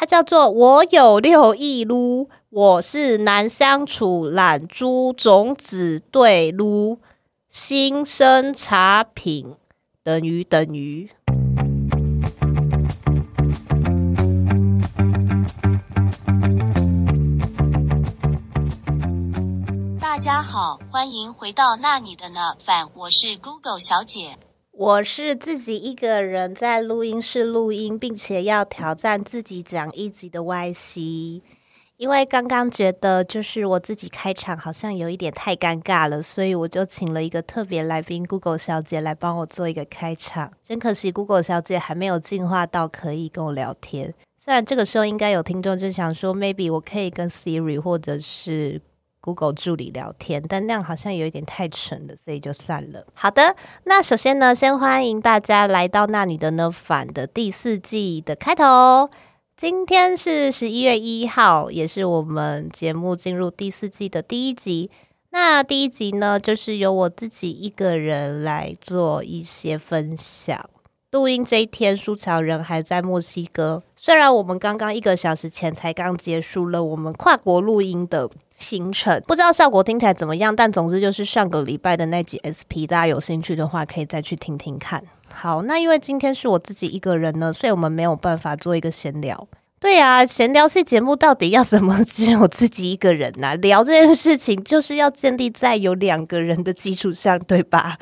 它叫做“我有六億擼”，我是難相處懶豬種子對擼新生茶品等於等於。大家好，歡迎回到那你的呢反，我是 Google 小姐。我是自己一個人在錄音室錄音，並且要挑戰自己講一集的歪西。因為剛剛覺得就是我自己開場好像有一點太尷尬了，所以我就請了一個特別來賓 Google 小姐來幫我做一個開場。真可惜，Google 小姐還沒有進化到可以跟我聊天。雖然這個時候應該有聽眾就想說，Maybe 我可以跟 Siri 或者是 Google 助理聊天，但那樣好像有一點太蠢了，所以就算了。好的，那首先呢，先歡迎大家來到那你的呢反的第四季的開頭。今天是十一月一號，也是我們節目進入第四季的第一集。那第一集呢，就是由我自己一個人來做一些分享。錄音這一天，書樵人還在墨西哥。雖然我們剛剛一個小時前才剛結束了我們跨國錄音的行程，不知道效果聽起來怎麼樣，但總之就是上個禮拜的那集 SP，大家有興趣的話可以再去聽聽看。好，那因為今天是我自己一個人呢，所以我們沒有辦法做一個閒聊。對啊，閒聊系節目到底要什麼？只有自己一個人吶、啊？聊這件事情就是要建立在有兩個人的基礎上，對吧？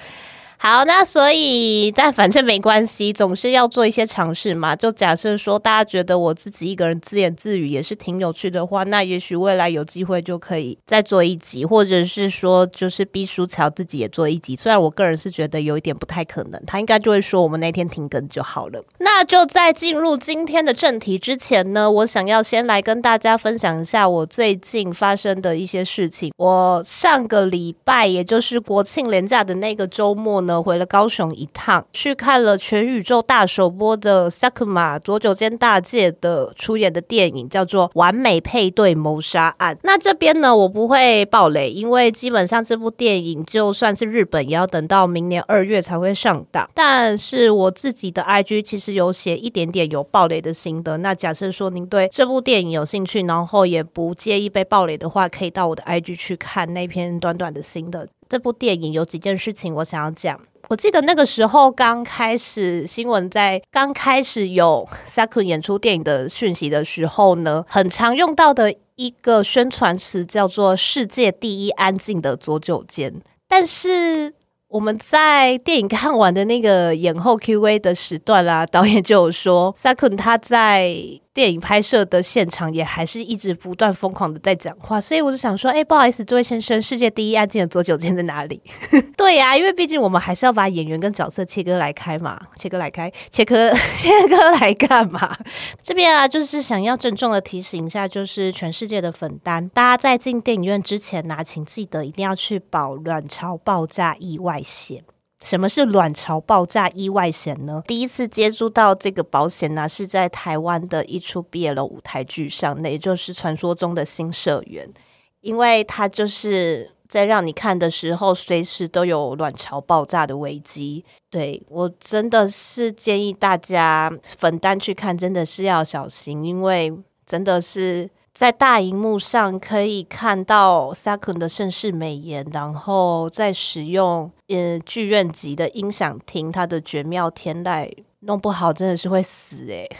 好，那所以但反正沒關係，總是要做一些嘗試嘛。就假設說，大家覺得我自己一個人自言自語也是挺有趣的話，那也許未來有機會就可以再做一集，或者是說，就是畢書樵自己也做一集。雖然我個人是覺得有一點不太可能，他應該就會說我們那天停更就好了。那就在進入今天的正題之前呢，我想要先來跟大家分享一下我最近發生的一些事情。我上個禮拜，也就是國慶連假的那個週末呢。回了高雄一趟，去看了全宇宙大首播的 Sakuma，佐久間大介的出演的電影，叫做《完美配對謀殺案》。那這邊呢，我不會爆雷，因為基本上這部電影就算是日本，也要等到明年二月才會上檔。但是我自己的 IG 其實有寫一點點有爆雷的心得。那假設說您對這部電影有興趣，然後也不介意被爆雷的話，可以到我的 IG 去看那篇短短的心得。這部電影有幾件事情我想要講。我記得那個時候剛開始新聞在剛開始有佐久間演出電影的訊息的時候呢，很常用到的一個宣傳詞叫做“世界第一安靜的佐久間”。但是我們在電影看完的那個演後 Q A 的時段啦、啊，導演就有說佐久間他在。電影拍攝的現場也還是一直不斷瘋狂的在講話，所以我就想說，哎、欸，不好意思，這位先生，世界第一安靜的佐久間在哪裡？ 對呀、啊，因為畢竟我們還是要把演員跟角色切割來開嘛，切割來開，切割切割來幹嘛？這邊啊，就是想要鄭重的提醒一下，就是全世界的粉單，大家在進電影院之前呢、啊，請記得一定要去保卵巢爆炸意外險。什麼是卵巢爆炸意外險呢？第一次接觸到這個保險呢、啊，是在台灣的一出 BL 舞台劇上，那也就是傳說中的新社員，因為它就是在讓你看的時候，隨時都有卵巢爆炸的危機。對，我真的是建議大家分單去看，真的是要小心，因為真的是。在大熒幕上可以看到 Sakun 的盛世美顏，然後再使用、嗯、劇院級的音響聽它的絕妙天籟，弄不好真的是會死誒、欸。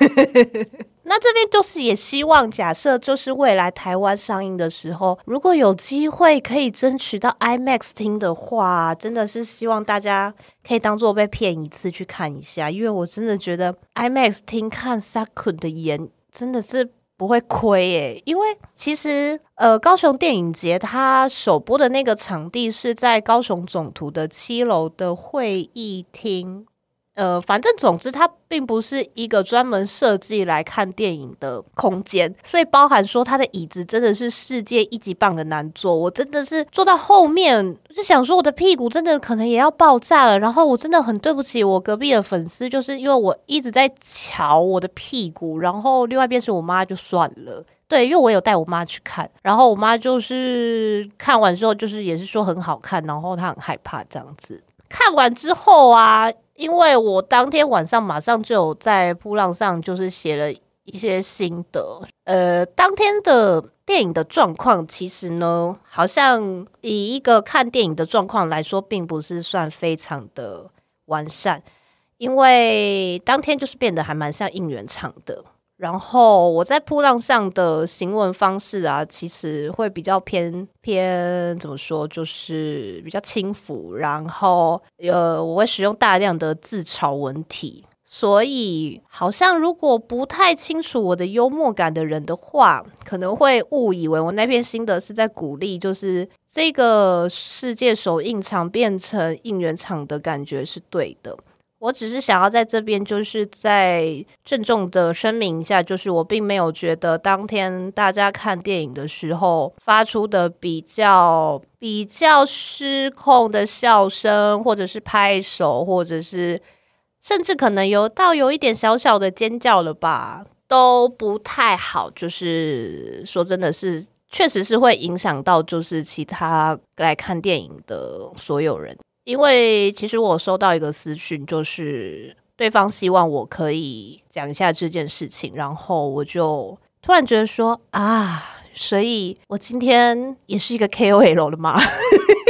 那這邊就是也希望假設就是未來台灣上映的時候，如果有機會可以爭取到 IMAX 廳的話，真的是希望大家可以當做被騙一次去看一下，因為我真的覺得 IMAX 廳看 Sakun 的顏真的是。不會虧耶，因為其實呃，高雄電影節它首播的那個場地是在高雄總圖的七樓的會議廳。呃，反正總之，它並不是一個專門設計來看電影的空間，所以包含說它的椅子真的是世界一級棒的難坐，我真的是坐到後面，就想說我的屁股真的可能也要爆炸了。然後我真的很對不起我隔壁的粉絲，就是因為我一直在翹我的屁股。然後另外一邊是我媽，就算了，對，因為我有帶我媽去看，然後我媽就是看完之後，就是也是說很好看，然後她很害怕這樣子。看完之後啊。因為我當天晚上馬上就有在鋪浪上，就是寫了一些心得。呃，當天的電影的狀況，其實呢，好像以一個看電影的狀況來說，並不是算非常的完善，因為當天就是變得還蠻像應援場的。然後我在噗浪上的行文方式啊，其實會比較偏偏怎麼說，就是比較輕浮。然後呃，我會使用大量的自嘲文體，所以好像如果不太清楚我的幽默感的人的話，可能會誤以為我那篇心得是在鼓勵，就是這個世界首映場變成應援場的感覺是對的。我只是想要在這邊，就是再鄭重的聲明一下，就是我並沒有覺得當天大家看電影的時候發出的比較比較失控的笑聲，或者是拍手，或者是甚至可能有到有一點小小的尖叫了吧，都不太好。就是說，真的是確實是會影響到，就是其他來看電影的所有人。因為其實我收到一個私訊，就是對方希望我可以講一下這件事情，然後我就突然覺得說啊，所以我今天也是一個 KOL 了嗎？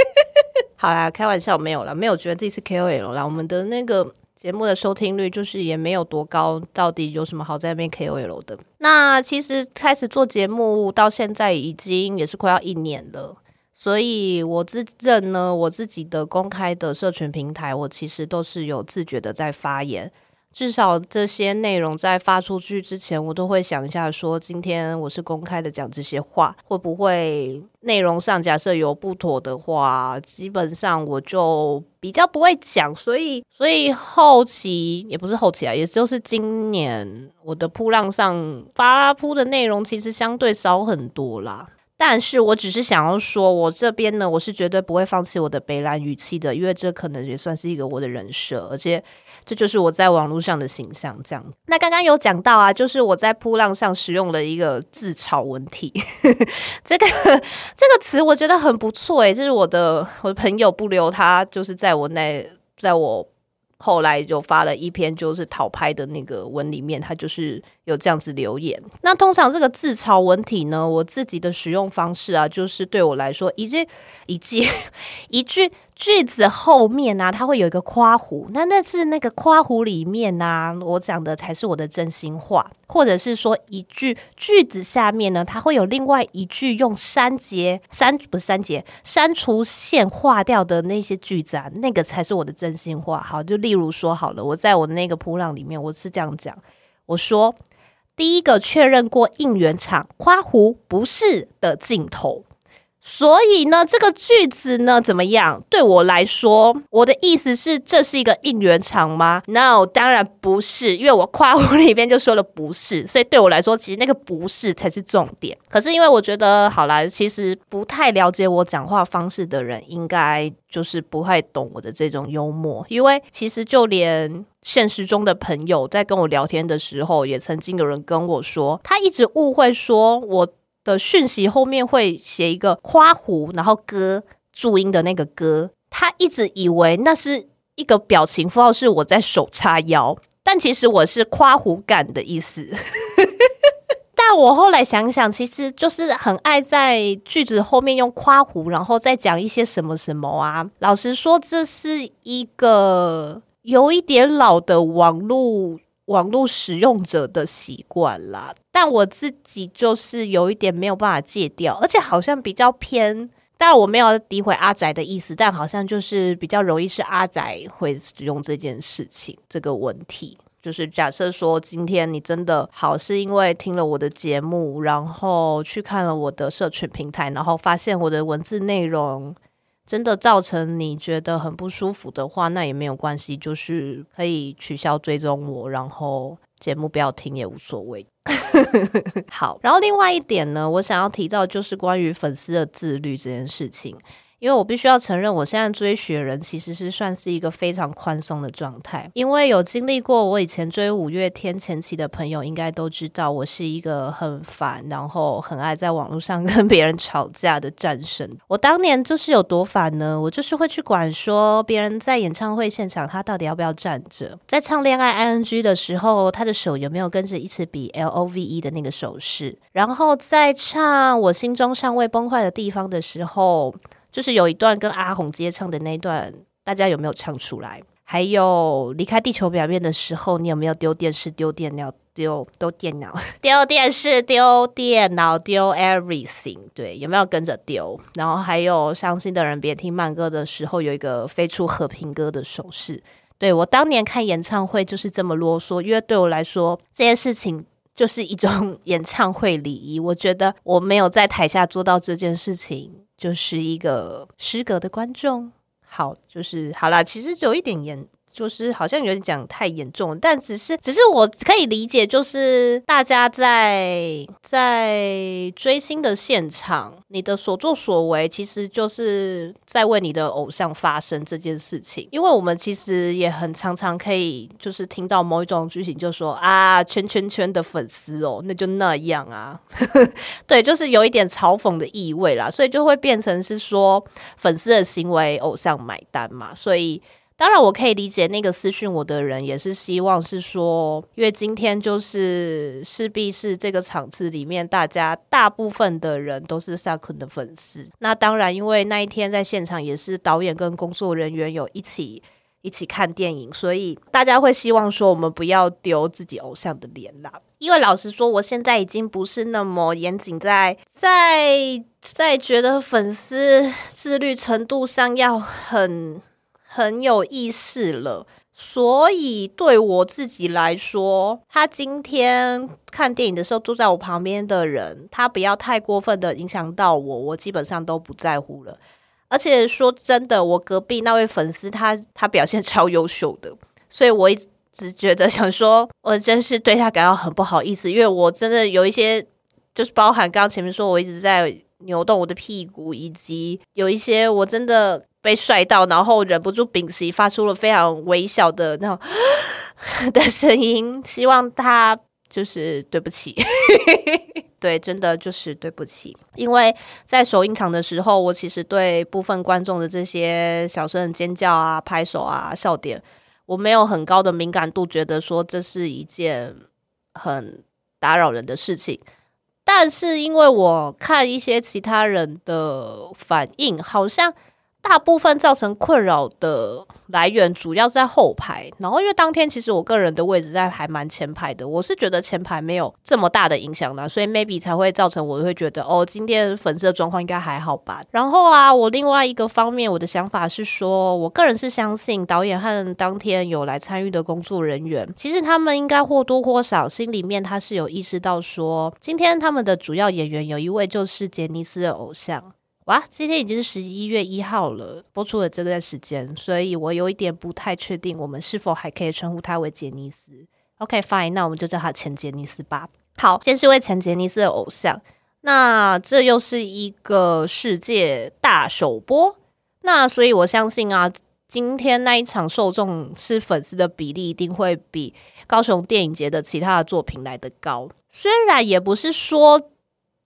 好啦，開玩笑沒有啦，沒有覺得自己是 KOL 啦，我們的那個節目的收聽率就是也沒有多高，到底有什麼好在那邊 KOL 的。那其實開始做節目到現在已經也是快要一年了。所以我自認呢，我自己的公開的社群平台，我其實都是有自覺的在發言。至少這些內容在發出去之前，我都會想一下說，說今天我是公開的講這些話，會不會內容上假設有不妥的話，基本上我就比較不會講。所以，所以後期也不是後期啊，也就是今年我的噗浪上發噗的內容，其實相對少很多啦。但是我只是想要說，我這邊呢，我是絕對不會放棄我的北爛語氣的，因為這可能也算是一個我的人設，而且這就是我在網路上的形象。這樣，那剛剛有講到啊，就是我在噗浪上使用了一個自嘲文體， 這個這個詞我覺得很不錯誒、欸，這、就是我的我的朋友不留他，就是在我那，在我。後來就發了一篇就是討拍的那個文，裡面他就是有這樣子留言。那通常這個自嘲文體呢，我自己的使用方式啊，就是對我來說一句一句一句，一句一句句子後面呢、啊，它會有一個括弧，那那是那個括弧裡面呢、啊，我講的才是我的真心話，或者是說一句句子下面呢，它會有另外一句用刪節、刪，不是刪節，刪除線劃掉的那些句子啊，那個才是我的真心話。好，就例如說好了，我在我的那個噗浪裡面，我是這樣講，我說第一個確認過應援場括弧不是的鏡頭。所以呢，這個句子呢怎麼樣？對我來說，我的意思是，這是一個應援場嗎？No，當然不是，因為我誇我裡邊就說了不是，所以對我來說，其實那個不是才是重點。可是因為我覺得，好啦，其實不太了解我講話方式的人，應該就是不太懂我的這種幽默，因為其實就連現實中的朋友在跟我聊天的時候，也曾經有人跟我說，他一直誤會說我。的訊息後面會寫一個誇胡，然後歌，注音的那個歌。他一直以為那是一個表情符號，是我在手叉腰，但其實我是誇胡感的意思。 但我後來想想，其實就是很愛在句子後面用誇胡，然後再講一些什麼什麼啊。老實說，這是一個有一點老的網絡網絡使用者的習慣啦。但我自己就是有一點沒有辦法戒掉，而且好像比較偏。但我沒有詆毀阿宅的意思，但好像就是比較容易是阿宅會使用這件事情這個問題。就是假設說今天你真的好是因為聽了我的節目，然後去看了我的社群平台，然後發現我的文字內容真的造成你覺得很不舒服的話，那也沒有關係，就是可以取消追蹤我，然後節目不要聽也無所謂。 好，然後另外一點呢，我想要提到就是關於粉絲的自律這件事情。因為我必須要承認，我現在追雪人其實是算是一個非常寬鬆的狀態。因為有經歷過我以前追五月天前期的朋友，應該都知道我是一個很煩，然後很愛在網絡上跟別人吵架的戰神。我當年就是有多煩呢？我就是會去管說別人在演唱會現場他到底要不要站着，在唱《戀愛 I N G》的時候，他的手有沒有跟着一起比 L O V E 的那個手勢？然後在唱《我心中尚未崩壞的地方》的時候。就是有一段跟阿紅接唱的那一段，大家有沒有唱出來？還有離開地球表面的時候，你有沒有丟電視、丟電腦、丟丟電腦、丟電視、丟電腦、丟 everything？對，有沒有跟着丟？然後還有傷心的人別聽慢歌的時候，有一個飛出和平鴿的手勢。對，我當年看演唱會就是這麼囉嗦，因為對我來說這件事情就是一種演唱會禮儀。我覺得我沒有在台下做到這件事情。就是一個失格的觀眾，好，就是好啦，其實有一點嚴。就是好像有點講太嚴重，但只是只是我可以理解，就是大家在在追星的現場，你的所作所為，其實就是在為你的偶像發聲這件事情。因為我們其實也很常常可以，就是聽到某一種劇情，就說啊，圈圈圈的粉絲哦、喔，那就那樣啊， 對，就是有一點嘲諷的意味啦，所以就會變成是說粉絲的行為，偶像買單嘛，所以。當然，我可以理解那個私訊我的人也是希望是說，因為今天就是勢必是這個場次裡面，大家大部分的人都是薩坤的粉絲。那當然，因為那一天在現場也是導演跟工作人員有一起一起看電影，所以大家會希望說我們不要丟自己偶像的臉啦、啊。因為老實說，我現在已經不是那麽嚴謹，在在在覺得粉絲自律程度上要很。很有意思了，所以對我自己來說，他今天看電影的時候坐在我旁邊的人，他不要太過分的影響到我，我基本上都不在乎了。而且說真的，我隔壁那位粉絲，他他表現超優秀的，所以我一直覺得想說，我真是對他感到很不好意思，因為我真的有一些，就是包含剛剛前面說，我一直在扭動我的屁股，以及有一些我真的。被帥到，然後忍不住屏息，發出了非常微小的那種的聲音，希望他就是對不起， 對，真的就是對不起。因為在首映場的時候，我其實對部分觀眾的這些小聲尖叫啊、拍手啊、笑點，我沒有很高的敏感度，覺得說這是一件很打擾人的事情。但是因為我看一些其他人的反應，好像。大部分造成困擾的來源主要在後排，然後因為當天其實我個人的位置在還蠻前排的，我是覺得前排沒有這麼大的影響啦，所以 maybe 才會造成我會覺得哦，今天粉絲狀況應該還好吧。然後啊，我另外一個方面，我的想法是說，我個人是相信導演和當天有來參與的工作人員，其實他們應該或多或少心裡面他是有意識到說，今天他們的主要演員有一位就是傑尼斯的偶像。哇，今天已經是十一月一號了，播出了這段時間，所以我有一點不太確定，我們是否還可以稱呼他為傑尼斯？OK，fine，okay, 那我們就叫他前傑尼斯吧。好，先是位前傑尼斯的偶像，那這又是一個世界大首播，那所以我相信啊，今天那一場受眾是粉絲的比例一定會比高雄電影節的其他的作品來得高，雖然也不是說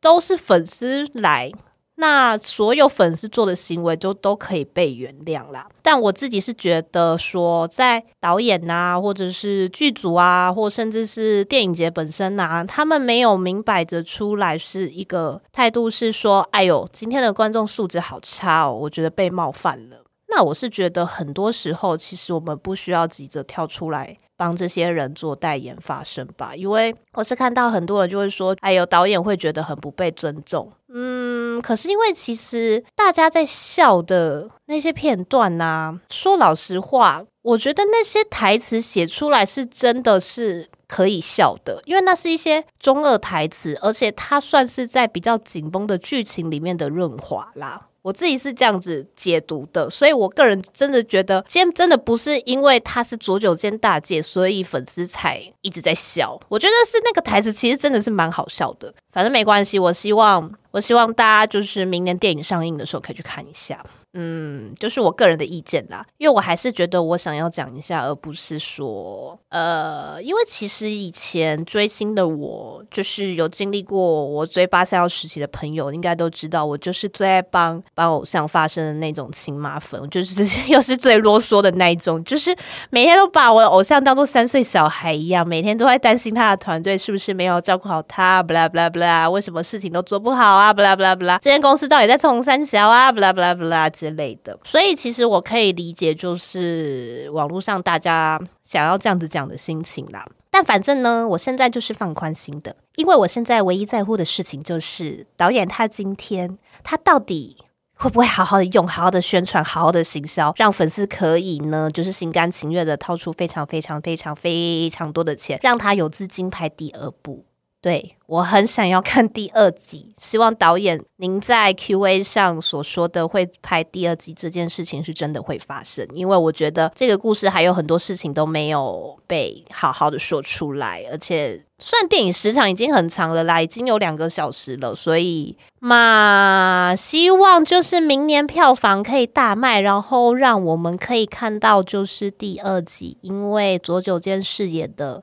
都是粉絲來。那所有粉絲做的行為就都可以被原諒啦。但我自己是覺得說，在導演吶、啊，或者是劇組啊，或甚至是電影節本身吶、啊，他們沒有明擺着出來是一個態度，是說，哎呦，今天的觀眾素質好差哦，我覺得被冒犯了。那我是覺得很多時候，其實我們不需要急着跳出來。幫這些人做代言發聲吧。因為我是看到很多人就會說，哎呦，有導演會覺得很不被尊重。嗯，可是因為其實大家在笑的那些片段啊，說老實話，我覺得那些台詞寫出來是真的是可以笑的，因為那是一些中二台詞，而且它算是在比較緊繃的劇情裡面的潤滑啦。我自己是這樣子解讀的，所以我個人真的覺得，今天真的不是因為他是佐久間大介，所以粉絲才一直在笑。我覺得是那個台詞，其實真的是蠻好笑的。反正沒關係，我希望。我希望大家就是明年電影上映的時候可以去看一下，嗯，就是我個人的意見啦，因為我還是覺得我想要講一下，而不是說，呃，因為其實以前追星的我，就是有經歷過我追八三夭時期的朋友，應該都知道我就是最愛幫幫偶像發聲的那種親媽粉，就是又是最囉嗦的那一種，就是每天都把我的偶像當做三歲小孩一樣，每天都在擔心他的團隊是不是沒有照顧好他，不啦不啦不啦，為什麼事情都做不好啊？啊，blah blah blah 今天公司到底在衝三小啊，blah blah blah blah, 之類的。所以其實我可以理解，就是網絡上大家想要這樣子講的心情啦。但反正呢，我現在就是放寬心的，因為我現在唯一在乎的事情就是導演他今天他到底會不會好好的用，好好的宣傳，好好的行銷，讓粉絲可以呢，就是心甘情願的掏出非常非常非常非常非常多的錢，讓他有資金拍第二部。對，我很想要看第二集，希望導演您在 Q&A 上所說的會拍第二集這件事情是真的會發生，因為我覺得這個故事還有很多事情都沒有被好好的說出來，而且算電影時長已經很長了啦，已經有兩個小時了，所以嘛，希望就是明年票房可以大賣，然後讓我們可以看到就是第二集，因為佐久間飾演的。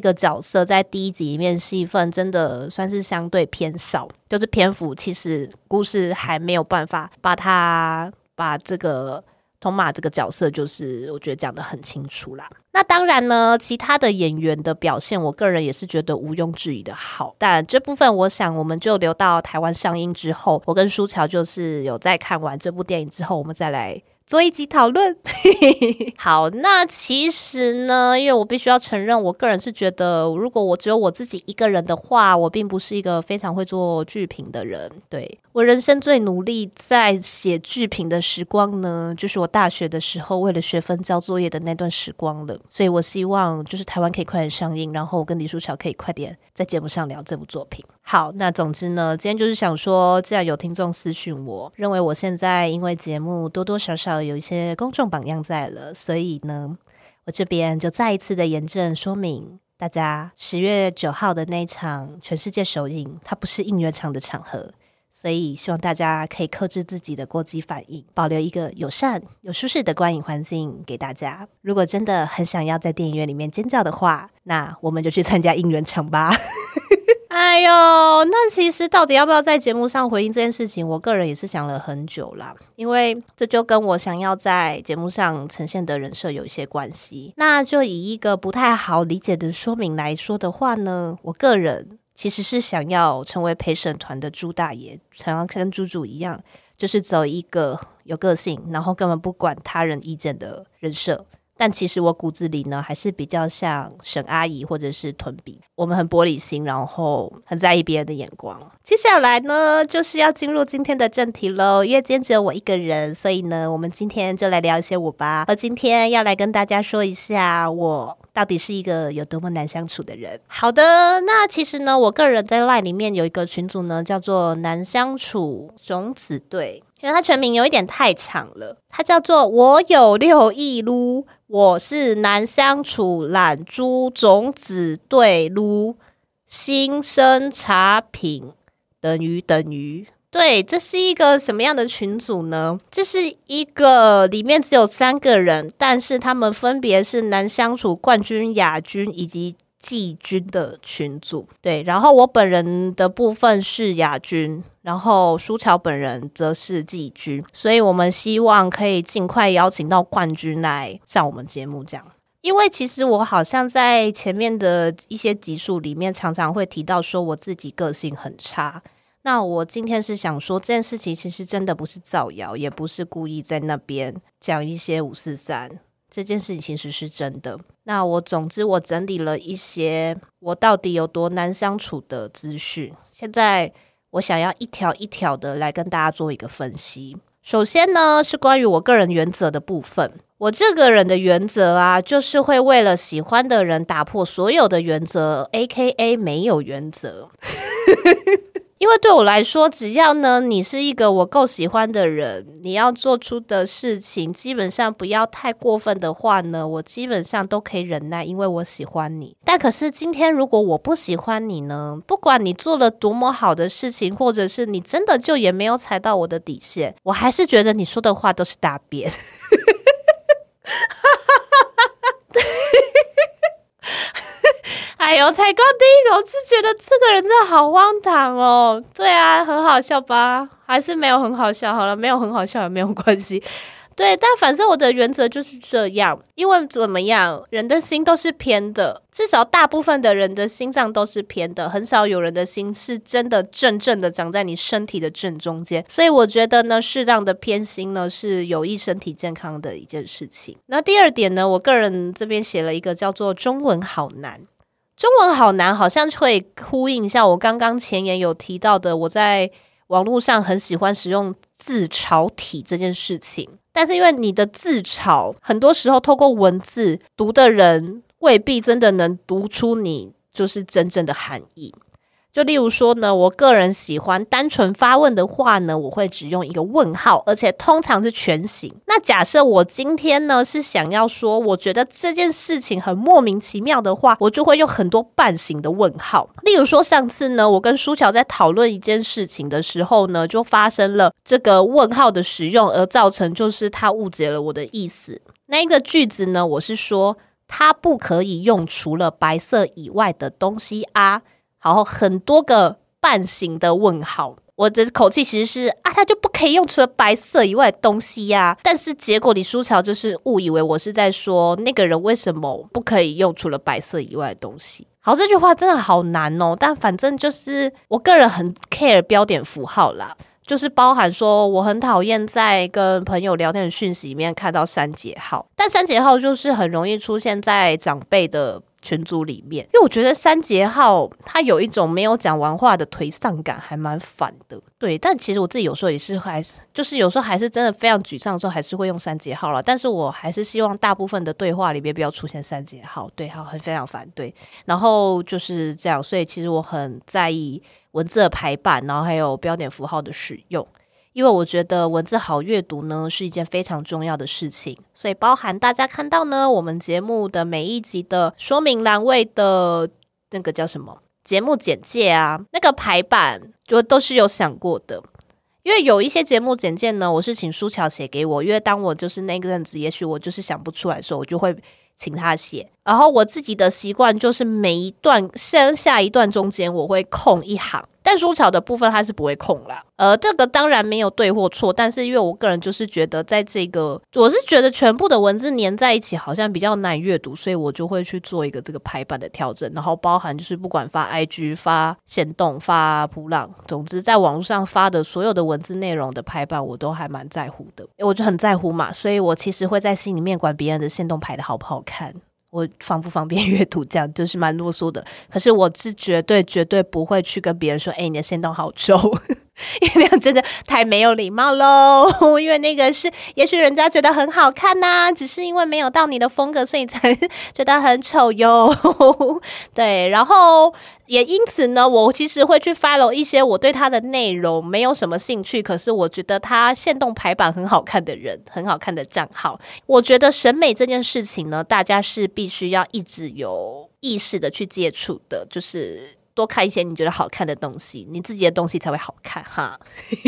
這個角色在第一集裡面戲份真的算是相對偏少，就是篇幅其實故事還沒有辦法把它把這個銅馬這個角色，就是我覺得講得很清楚啦。那當然呢，其他的演員的表現，我個人也是覺得毋庸置疑的好。但這部分我想我們就留到台灣上映之後，我跟書樵就是有在看完這部電影之後，我們再來。多一起討論。好，那其實呢，因為我必須要承認，我個人是覺得，如果我只有我自己一個人的話，我並不是一個非常會做劇評的人。對。我人生最努力在寫劇評的時光呢，就是我大學的時候為了學分交作業的那段時光了。所以我希望就是台灣可以快點上映，然後我跟李書樵可以快點在節目上聊這部作品。好，那總之呢，今天就是想說，既然有聽眾私訊我，認為我現在因為節目多多少少有一些公眾榜樣在了，所以呢，我這邊就再一次的嚴正說明，大家十月九號的那一場全世界首映，它不是應援場的場合，所以希望大家可以克制自己的過激反應，保留一個友善、有舒適的觀影環境給大家。如果真的很想要在電影院裡面尖叫的話，那我們就去參加應援場吧。 哎呦，那其實到底要不要在節目上回應這件事情，我個人也是想了很久啦。因為這就跟我想要在節目上呈現的人設有一些關係。那就以一個不太好理解的說明來說的話呢，我個人其實是想要成為陪審團的朱大爺，想要跟朱朱一樣，就是走一個有個性，然後根本不管他人意見的人設。但其實我骨子裡呢，還是比較像沈阿姨，或者是屯比。我們很玻璃心，然後很在意別人的眼光。接下來呢，就是要進入今天的正題嘍。因為今天只有我一個人，所以呢，我們今天就來聊一些我吧。而今天要來跟大家說一下，我到底是一個有多麼難相處的人。好的，那其實呢，我個人在 LINE 裡面有一個群組呢，叫做“難相處種子隊”，因為它全名有一點太長了，它叫做“我有六億擼”。我是難相處懶豬種子對擼新生茶品等於等於對，這是一個什麼樣的群組呢？這是一個裡面只有三個人，但是他們分別是難相處冠軍、亞軍以及。季軍的群組，對，然後我本人的部分是亞軍，然後書樵本人則是季軍，所以我們希望可以盡快邀請到冠軍來上我們節目，這樣。因為其實我好像在前面的一些集數裡面常常會提到說我自己個性很差，那我今天是想說這件事情其實真的不是造謠，也不是故意在那邊講一些五四三，這件事情其實是真的。那我總之我整理了一些我到底有多難相處的資訊，現在我想要一條一條的來跟大家做一個分析。首先呢，是關於我個人原則的部分，我這個人的原則啊，就是會為了喜歡的人打破所有的原則，AKA 沒有原則。 因為對我來說，只要呢，你是一個我夠喜歡的人，你要做出的事情基本上不要太過分的話呢，我基本上都可以忍耐，因為我喜歡你。但可是今天如果我不喜歡你呢，不管你做了多麼好的事情，或者是你真的就也沒有踩到我的底線，我還是覺得你說的話都是大便。 哎呦，才剛第一個，我是覺得這個人真的好荒唐哦。對啊，很好笑吧？還是沒有很好笑？好了，沒有很好笑也沒有關係。對，但反正我的原則就是這樣，因為怎麼樣，人的心都是偏的，至少大部分的人的心臟都是偏的，很少有人的心是真的正正的長在你身體的正中間。所以我覺得呢，適當的偏心呢是有益身體健康的一件事情。那第二點呢，我個人這邊寫了一個叫做“中文好難”。中文好難，好像會呼應一下我剛剛前言有提到的，我在網絡上很喜歡使用自嘲體這件事情，但是因為你的自嘲，很多時候透過文字讀的人未必真的能讀出你就是真正的含義。就例如說呢，我個人喜歡單純發問的話呢，我會只用一個問號，而且通常是全形。那假設我今天呢是想要說，我覺得這件事情很莫名其妙的話，我就會用很多半形的問號。例如說上次呢，我跟書樵在討論一件事情的時候呢，就發生了這個問號的使用而造成，就是他誤解了我的意思。那一個句子呢，我是說他不可以用除了白色以外的東西啊。然後很多個半形的問號，我的口氣其實是啊，他就不可以用除了白色以外的東西呀、啊。但是結果李書樵就是誤以為我是在說那個人為什麼不可以用除了白色以外的東西。好，這句話真的好難哦。但反正就是我個人很 care 標點符號啦，就是包含說我很討厭在跟朋友聊天的訊息裡面看到刪節號，但刪節號就是很容易出現在長輩的。群組裡面，因為我覺得三節號它有一種沒有講完話的頹喪感，還蠻煩的。對，但其實我自己有時候也是還，還是就是有時候還是真的非常沮喪的時候，還是會用三節號了。但是我還是希望大部分的對話裡面不要出現三節號，對，好，很非常煩，對。然後就是這樣，所以其實我很在意文字的排版，然後還有標點符號的使用。因為我覺得文字好閱讀呢是一件非常重要的事情，所以包含大家看到呢，我們節目的每一集的說明欄位的那個叫什麼節目簡介啊，那個排版就都是有想過的。因為有一些節目簡介呢，我是請書樵寫給我，因為當我就是那個樣子，也許我就是想不出來的時候，我就會請他寫。然後我自己的習慣就是每一段剩下一段中間我會空一行。但書樵的部分它是不會空啦，呃，這個當然沒有對或錯，但是因為我個人就是覺得，在這個我是覺得全部的文字粘在一起好像比較難閱讀，所以我就會去做一個這個排版的調整，然後包含就是不管發 IG 發限動發噗浪，總之在網絡上發的所有的文字內容的排版，我都還蠻在乎的，我就很在乎嘛，所以我其實會在心裡面管別人的限動排的好不好看。我方不方便閱讀，這樣就是蠻囉嗦的。可是我是絕對絕對不會去跟別人說：“哎、欸，你的線都好醜。”因為真的太沒有禮貌嘍。因為那個是，也許人家覺得很好看吶、啊，只是因為沒有到你的風格，所以才覺得很醜喲。 對，然後。也因此呢，我其實會去 follow 一些我對他的內容沒有什麼興趣，可是我覺得他限動排版很好看的人，很好看的賬號。我覺得審美這件事情呢，大家是必須要一直有意識的去接觸的，就是多看一些你覺得好看的東西，你自己的東西才會好看哈。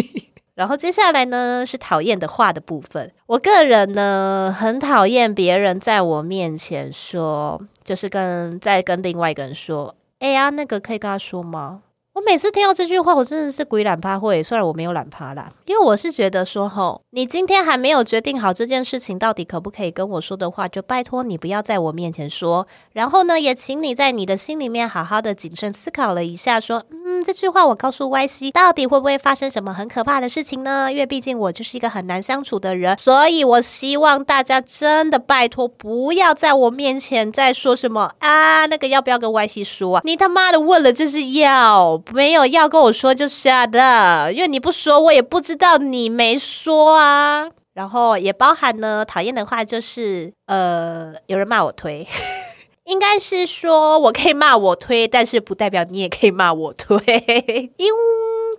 然後接下來呢，是討厭的話的部分。我個人呢，很討厭別人在我面前說，就是跟在跟另外一個人說。哎呀、欸啊，那個可以跟他說嗎？我每次聽到這句話，我真的是鬼懶趴會。雖然我沒有懶趴啦，因為我是覺得說吼。你今天還沒有決定好這件事情到底可不可以跟我說的話，就拜托你不要在我面前說。然後呢，也請你在你的心裡面好好的謹慎思考了一下，說，嗯，這句話我告訴歪西，到底會不會發生什麼很可怕的事情呢？因為畢竟我就是一個很難相處的人，所以我希望大家真的拜托不要在我面前再說什麼啊，那個要不要跟歪西說啊？你他媽的問了就是要，沒有要跟我說就是的，因為你不說我也不知道你沒說啊。啊，然後也包含呢，討厭的話就是，呃，有人罵我推。 應該是說，我可以罵我推，但是不代表你也可以罵我推。因、 嗯、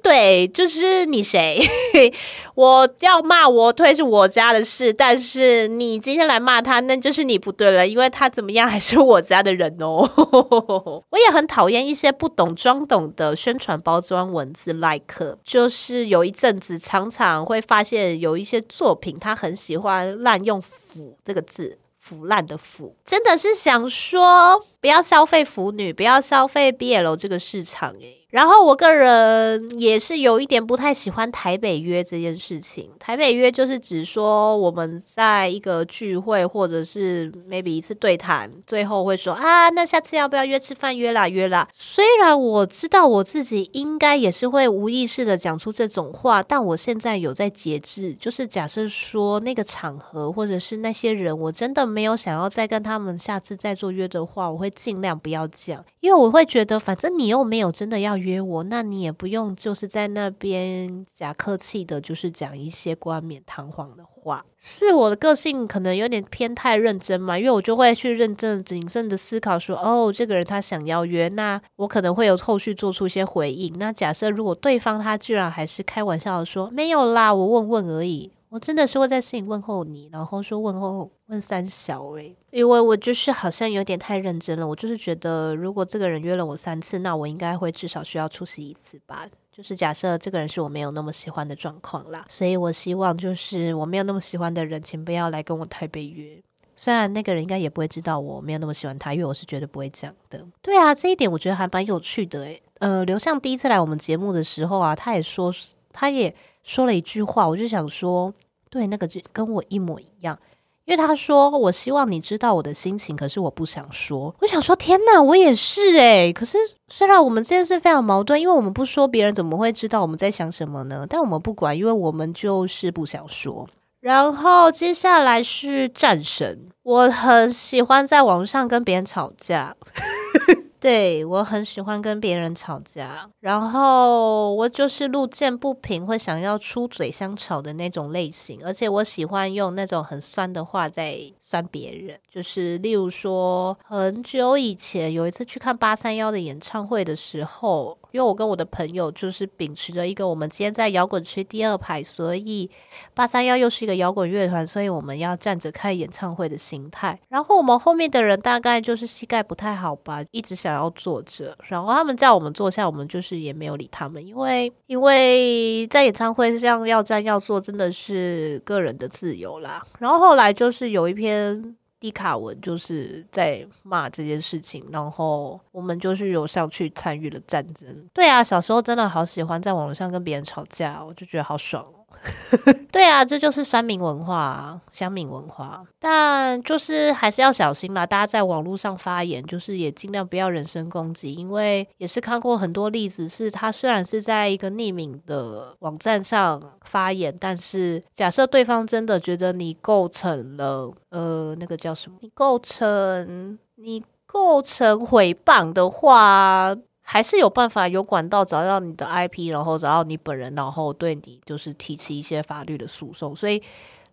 對，就是你誰？ 我要罵我推是我家的事，但是你今天來罵他，那就是你不對了，因為他怎麼樣還是我家的人哦。 我也很討厭一些不懂裝懂的宣傳包裝文字，like 就是有一陣子常常會發現有一些作品，他很喜歡濫用“腐”這個字。腐爛的腐，真的是想說，不要消費腐女，不要消費 B L 這個市場，欸，誒然後我個人也是有一點不太喜歡台北約這件事情。台北約就是指說我們在一個聚會或者是 maybe 一次對談，最後會說，啊，那下次要不要約吃飯，約啦約啦。約啦，雖然我知道我自己應該也是會無意識的講出這種話，但我現在有在節制。就是假設說那個場合或者是那些人，我真的沒有想要再跟他們下次再做約的話，我會盡量不要講，因為我會覺得反正你又沒有真的要。約我，那你也不用就是在那邊假客氣的，就是講一些冠冕堂皇的話。是我的個性可能有點偏太認真嘛，因為我就會去認真謹慎的思考說，哦，這個人他想要約，那我可能會有後續做出一些回應。那假設如果對方他居然還是開玩笑的說，沒有啦，我問問而已。我真的是會在心裡問候你，然後說問候問三小誒、欸，因為我就是好像有點太認真了，我就是覺得如果這個人約了我三次，那我應該會至少需要出席一次吧。就是假設這個人是我沒有那麼喜歡的狀況啦，所以我希望就是我沒有那麼喜歡的人，請不要來跟我台北約。雖然那個人應該也不會知道我，我沒有那麼喜歡他，因為我是絕對不會這樣的。對啊，這一點我覺得還蠻有趣的誒、欸，呃，劉向第一次來我們節目的時候啊，他也說他也說了一句話，我就想說。對，那個就跟我一模一樣，因為他說：“我希望你知道我的心情，可是我不想說。”我想說：“天哪，我也是欸！”可是雖然我們這件事非常矛盾，因為我們不說，別人怎麼會知道我們在想什麼呢？但我們不管，因為我們就是不想說。然後接下來是戰神，我很喜歡在網上跟別人吵架。 對，我很喜歡跟別人吵架，然後我就是路見不平，會想要出嘴相吵的那種類型，而且我喜歡用那種很酸的話在算別人，就是例如說，很久以前有一次去看八三夭的演唱會的時候，因為我跟我的朋友就是秉持着一個我們今天在搖滾區第二排，所以八三夭又是一個搖滾樂團，所以我們要站着看演唱會的心態。然後我們後面的人大概就是膝蓋不太好吧，一直想要坐着，然後他們叫我們坐下，我們就是也沒有理他們，因為因為在演唱會這樣要站要坐真的是個人的自由啦。然後後來就是有一篇，跟迪卡文就是在罵這件事情，然後我們就是有上去參與了戰爭。對啊，小時候真的好喜歡在網上跟別人吵架，我就覺得好爽。 對啊，這就是酸民文化、鄉民文化，但就是還是要小心嘛。大家在網絡上發言，就是也盡量不要人身攻擊，因為也是看過很多例子是，是他雖然是在一個匿名的網站上發言，但是假設對方真的覺得你構成了呃那個叫什麼，你構成你構成誹謗的話，還是有辦法有管道，找到你的 IP，然後找到你本人，然後對你就是提起一些法律的訴訟。所以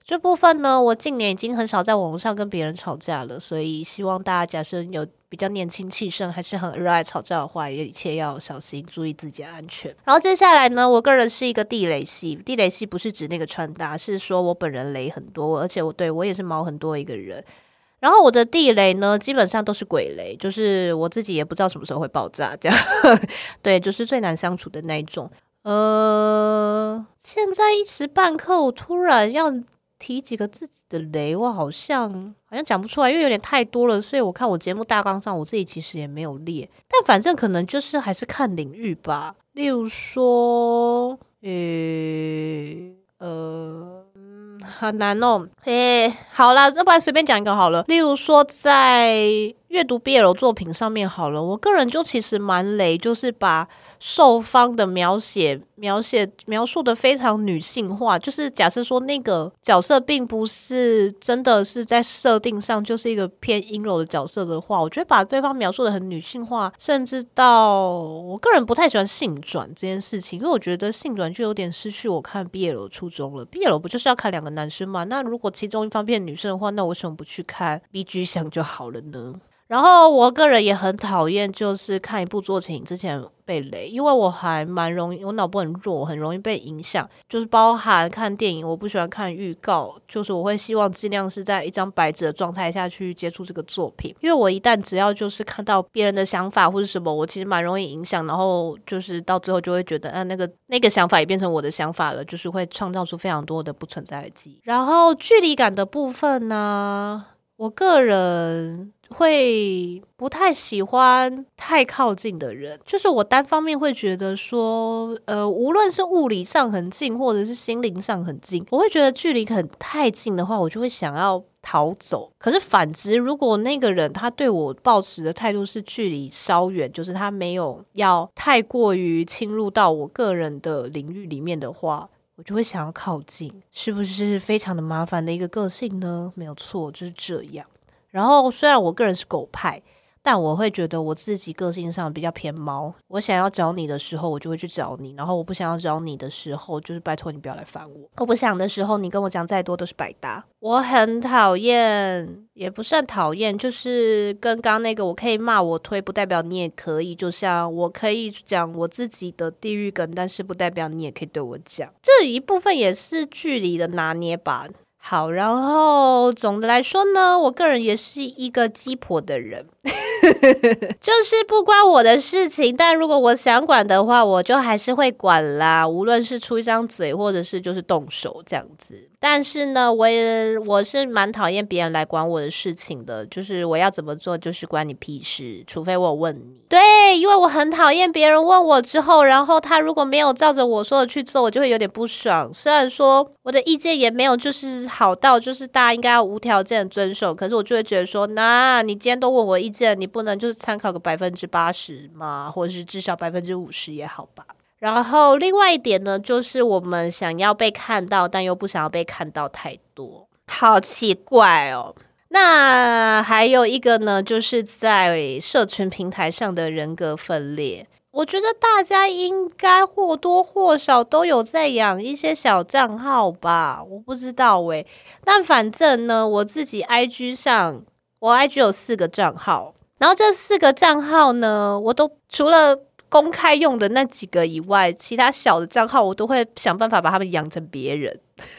這部分呢，我近年已經很少在網上跟別人吵架了。所以希望大家，假設有比較年輕氣盛，還是很熱愛吵架的話，也一切要小心，注意自己的安全。然後接下來呢，我個人是一個地雷系，地雷系不是指那個穿搭，是說我本人雷很多，而且我對我也是毛很多一個人。然後我的地雷呢，基本上都是鬼雷，就是我自己也不知道什麼時候會爆炸，這樣 對，就是最難相處的那一種。呃，現在一時半刻我突然要提幾個自己的雷，我好像好像講不出來，因為有點太多了，所以我看我節目大綱上，我自己其實也沒有列，但反正可能就是還是看領域吧，例如說，呃，呃。好難哦，哎、欸，好啦，要不然隨便講一個好了。例如說，在閱讀 BL 作品上面好了，我個人就其實蠻雷，就是把，受方的描寫、描寫、描述的非常女性化，就是假設說那個角色並不是真的是在設定上就是一個偏陰柔的角色的話，我覺得把對方描述的很女性化，甚至到我個人不太喜歡性轉這件事情，因為我覺得性轉就有點失去我看 BL 的初衷了。BL 不就是要看兩個男生嘛？那如果其中一方變女生的話，那我為什麼不去看 BG 向就好了呢？然後我個人也很討厭，就是看一部作品之前被雷，因為我還蠻容易，我腦波很弱，很容易被影響。就是包含看電影，我不喜歡看預告，就是我會希望儘量是在一張白紙的狀態下去接觸這個作品，因為我一旦只要就是看到別人的想法或者什麼，我其實蠻容易影響，然後就是到最後就會覺得，啊、呃，那個那個想法也變成我的想法了，就是會創造出非常多的不存在的記憶。然後距離感的部分呢、啊，我個人。會不太喜歡太靠近的人，就是我單方面會覺得說，呃，無論是物理上很近，或者是心靈上很近，我會覺得距離很太近的話，我就會想要逃走。可是反之，如果那個人他對我抱持的態度是距離稍遠，就是他沒有要太過於侵入到我個人的領域裡面的話，我就會想要靠近。是不是非常的麻煩的一個個性呢？沒有錯，就是這樣。然後，雖然我個人是狗派，但我會覺得我自己個性上比較偏貓。我想要找你的時候，我就會去找你；然後我不想要找你的時候，就是拜托你不要來煩我。我不想的時候，你跟我講再多都是白搭。我很討厭，也不算討厭，就是跟剛剛那個，我可以罵我推，不代表你也可以。就像我可以講我自己的地獄梗，但是不代表你也可以對我講。這一部分也是距離的拿捏吧。好，然後總的來說呢，我個人也是一個雞婆的人， 就是不關我的事情，但如果我想管的話，我就還是會管啦，無論是出一張嘴，或者是就是動手這樣子。但是呢，我也我是蠻討厭別人來管我的事情的，就是我要怎麼做，就是關你屁事，除非我問你。對，因為我很討厭別人問我之後，然後他如果沒有照着我說的去做，我就會有點不爽。雖然說我的意見也沒有就是好到就是大家應該要無條件遵守，可是我就會覺得說，那你今天都問我意見，你不能就是參考個百分之八十嗎？或者是至少百分之五十也好吧。然後另外一點呢，就是我們想要被看到，但又不想要被看到太多，好奇怪哦。那還有一個呢，就是在社群平台上的人格分裂。我覺得大家應該或多或少都有在養一些小賬號吧。我不知道喂，但反正呢，我自己 IG 上，我 IG 有四個賬號，然後這四個賬號呢，我都除了。公開用的那幾個以外，其他小的賬號我都會想辦法把他們養成別人，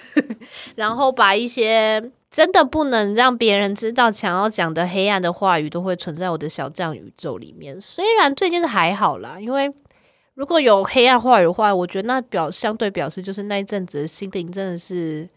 然後把一些真的不能讓別人知道、想要講的黑暗的話語，都會存在我的小賬宇宙裡面。雖然最近是還好啦，因為如果有黑暗話語的話，我覺得那表相對表示就是那一陣子的心靈真的是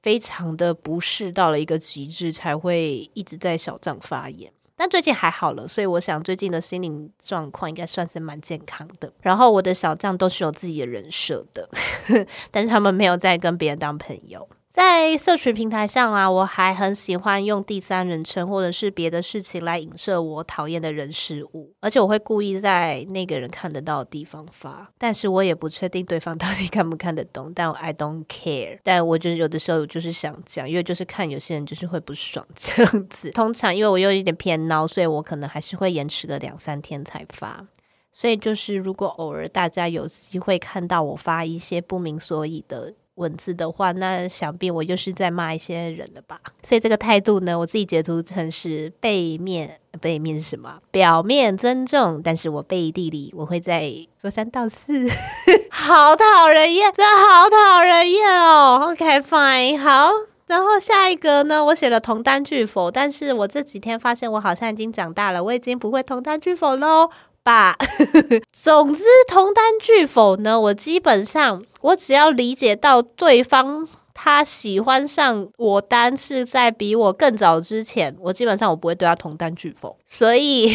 非常的不適到了一個極致，才會一直在小賬發言。但最近還好了，所以我想最近的心理狀況應該算是蠻健康的。然後我的小帳都是有自己的人設的呵呵，但是他們沒有再跟別人當朋友。在社群平台上啊，我還很喜歡用第三人稱或者是別的事情來影射我討厭的人事物，而且我會故意在那個人看得到的地方發，但是我也不確定對方到底看不看得懂，但我 I don't care，但我就是有的時候就是想講，因為就是看有些人就是會不爽這樣子。通常因為我又有點偏孬，所以我可能還是會延遲個兩三天才發，所以就是如果偶爾大家有機會看到我發一些不明所以的文字的話，那想必我就是在罵一些人了吧。所以這個態度呢，我自己解讀成是背面，背面是什麼？表面尊重，但是我背地裡我會在說三道四， 好討人厭，真的好討人厭哦。Okay, fine，好。然後下一格呢，我寫了同擔拒否，但是我這幾天發現我好像已經長大了，我已經不會同擔拒否嘍。吧，爸 總之同擔拒否呢，我基本上，我只要理解到對方他喜歡上我擔是在比我更早之前，我基本上我不會對他同擔拒否所。 所以，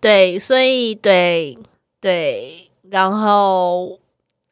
對，所以對對，然後。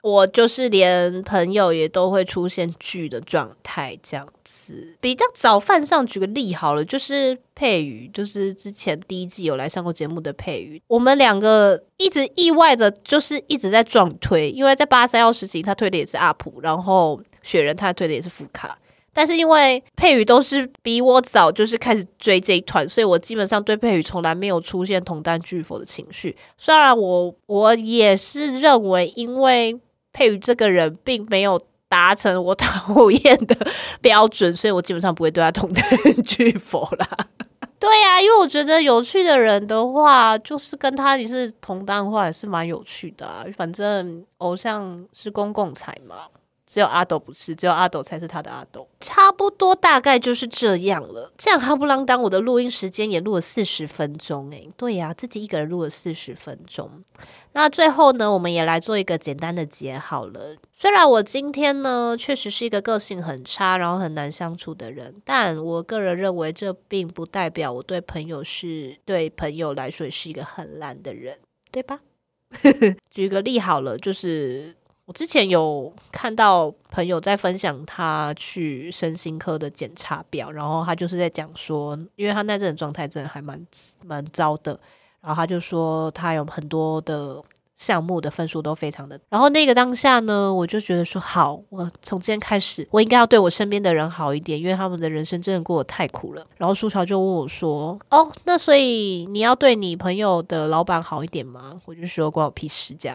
我就是連朋友也都會出現拒的狀態，這樣子比較早飯上。舉個例好了，就是佩羽，就是之前第一季有來上過節目的佩羽，我們兩個一直意外的，就是一直在撞推，因為在八三夭時期，他推的也是阿璞，然後雪人他推的也是福卡，但是因為佩羽都是比我早，就是開始追這一團，所以我基本上對佩羽從來沒有出現同擔拒否的情緒。雖然我我也是認為，因為佩瑜這個人並沒有達成我討厭的標準，所以我基本上不會對他同擔拒否啦。對呀、啊，因為我覺得有趣的人的話，就是跟他你是同擔話也是蠻有趣的啊。反正偶像是公共財嘛，只有阿斗不是，只有阿斗才是他的阿斗。差不多大概就是這樣了。這樣哈不浪當我的錄音時間也錄了四十分鐘誒、欸，對呀、啊，自己一個人錄了四十分鐘。那最後呢，我們也來做一個簡單的結好了。雖然我今天呢確實是一個個性很差，然後很難相處的人，但我個人認為這並不代表我對朋友是對朋友來說是一個很爛的人，對吧？ 舉個例好了，就是我之前有看到朋友在分享他去身心科的檢查表，然後他就是在講說，因為他那陣狀態真的還蠻蠻糟的。然後他就說他有很多的項目的分數都非常的，然後那個當下呢，我就覺得說好，我從今天開始，我應該要對我身邊的人好一點，因為他們的人生真的過得太苦了。然後書樵就問我說：“哦，oh, 那所以你要對你朋友的老闆好一點嗎？”我就說：“關我屁事。”這樣。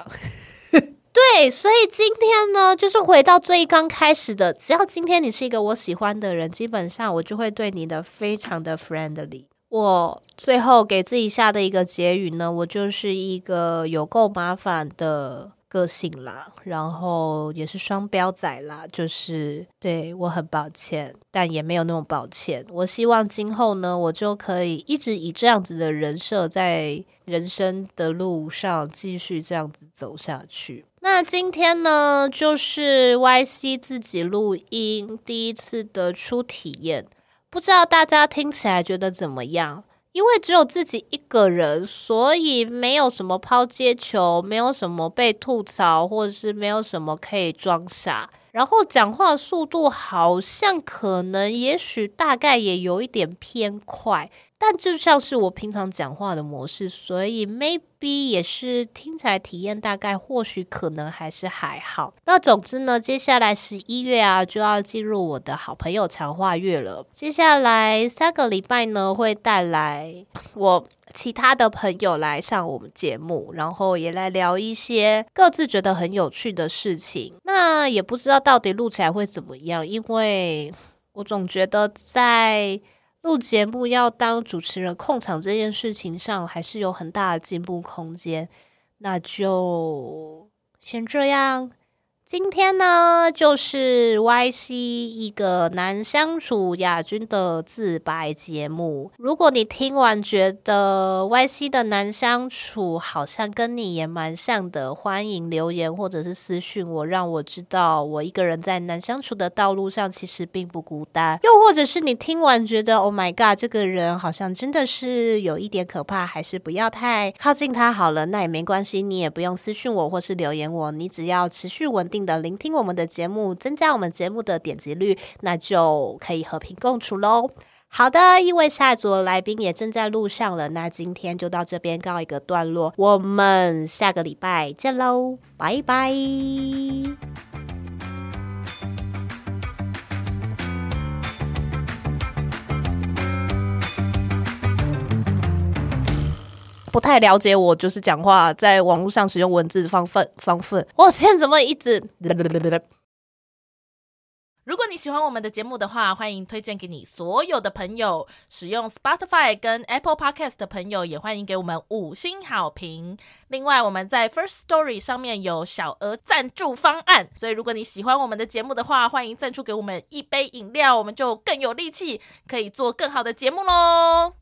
對，所以今天呢，就是回到最剛開始的，只要今天你是一個我喜歡的人，基本上我就會對你的非常的 friendly。我。最後給自己下的一個結語呢，我就是一個有夠麻煩的個性啦，然後也是雙標仔啦，就是，對，我很抱歉，但也沒有那麼抱歉。我希望今後呢，我就可以一直以這樣子的人設，在人生的路上繼續這樣子走下去。那今天呢，就是 YC 自己錄音第一次的初體驗，不知道大家聽起來覺得怎麼樣？因為只有自己一個人，所以沒有什麼拋接球，沒有什麼被吐槽，或者是沒有什麼可以裝傻。然後講話速度好像可能、也許、大概也有一點偏快。但就像是我平常講話的模式，所以 maybe 也是聽起來體驗大概或許可能還是還好。那總之呢，接下來十一月啊，就要進入我的好朋友強化月了。接下來三個禮拜呢，會帶來我其他的朋友來上我們節目，然後也來聊一些各自覺得很有趣的事情。那也不知道到底錄起來會怎麼樣，因為我總覺得在。錄節目要當主持人控場這件事情上，還是有很大的進步空間。那就先這樣。今天呢，就是 YC 一個難相處亞軍的自白節目。如果你聽完覺得 YC 的難相處好像跟你也蠻像的，歡迎留言或者是私訊我，讓我知道我一個人在難相處的道路上其實並不孤單。又或者是你聽完覺得，Oh my God，這個人好像真的是有一點可怕，還是不要太靠近他好了。那也沒關係，你也不用私訊我或是留言我，你只要持續穩定。的聆聽我們的節目，增加我們節目的點擊率，那就可以和平共處嘍。好的，因為下一組來賓也正在路上了，那今天就到這邊告一個段落，我們下個禮拜見嘍，拜拜。不太了解我，就是講話在網絡上使用文字方分方分。我現在怎麼一直？如果你喜歡我們的節目的話，歡迎推薦給你所有的朋友。使用 Spotify 跟 Apple Podcast 的朋友，也歡迎給我們五星好評。另外，我們在 Firstory 上面有小額贊助方案，所以如果你喜歡我們的節目的話，歡迎贊助給我們一杯飲料，我們就更有力氣可以做更好的節目嘍。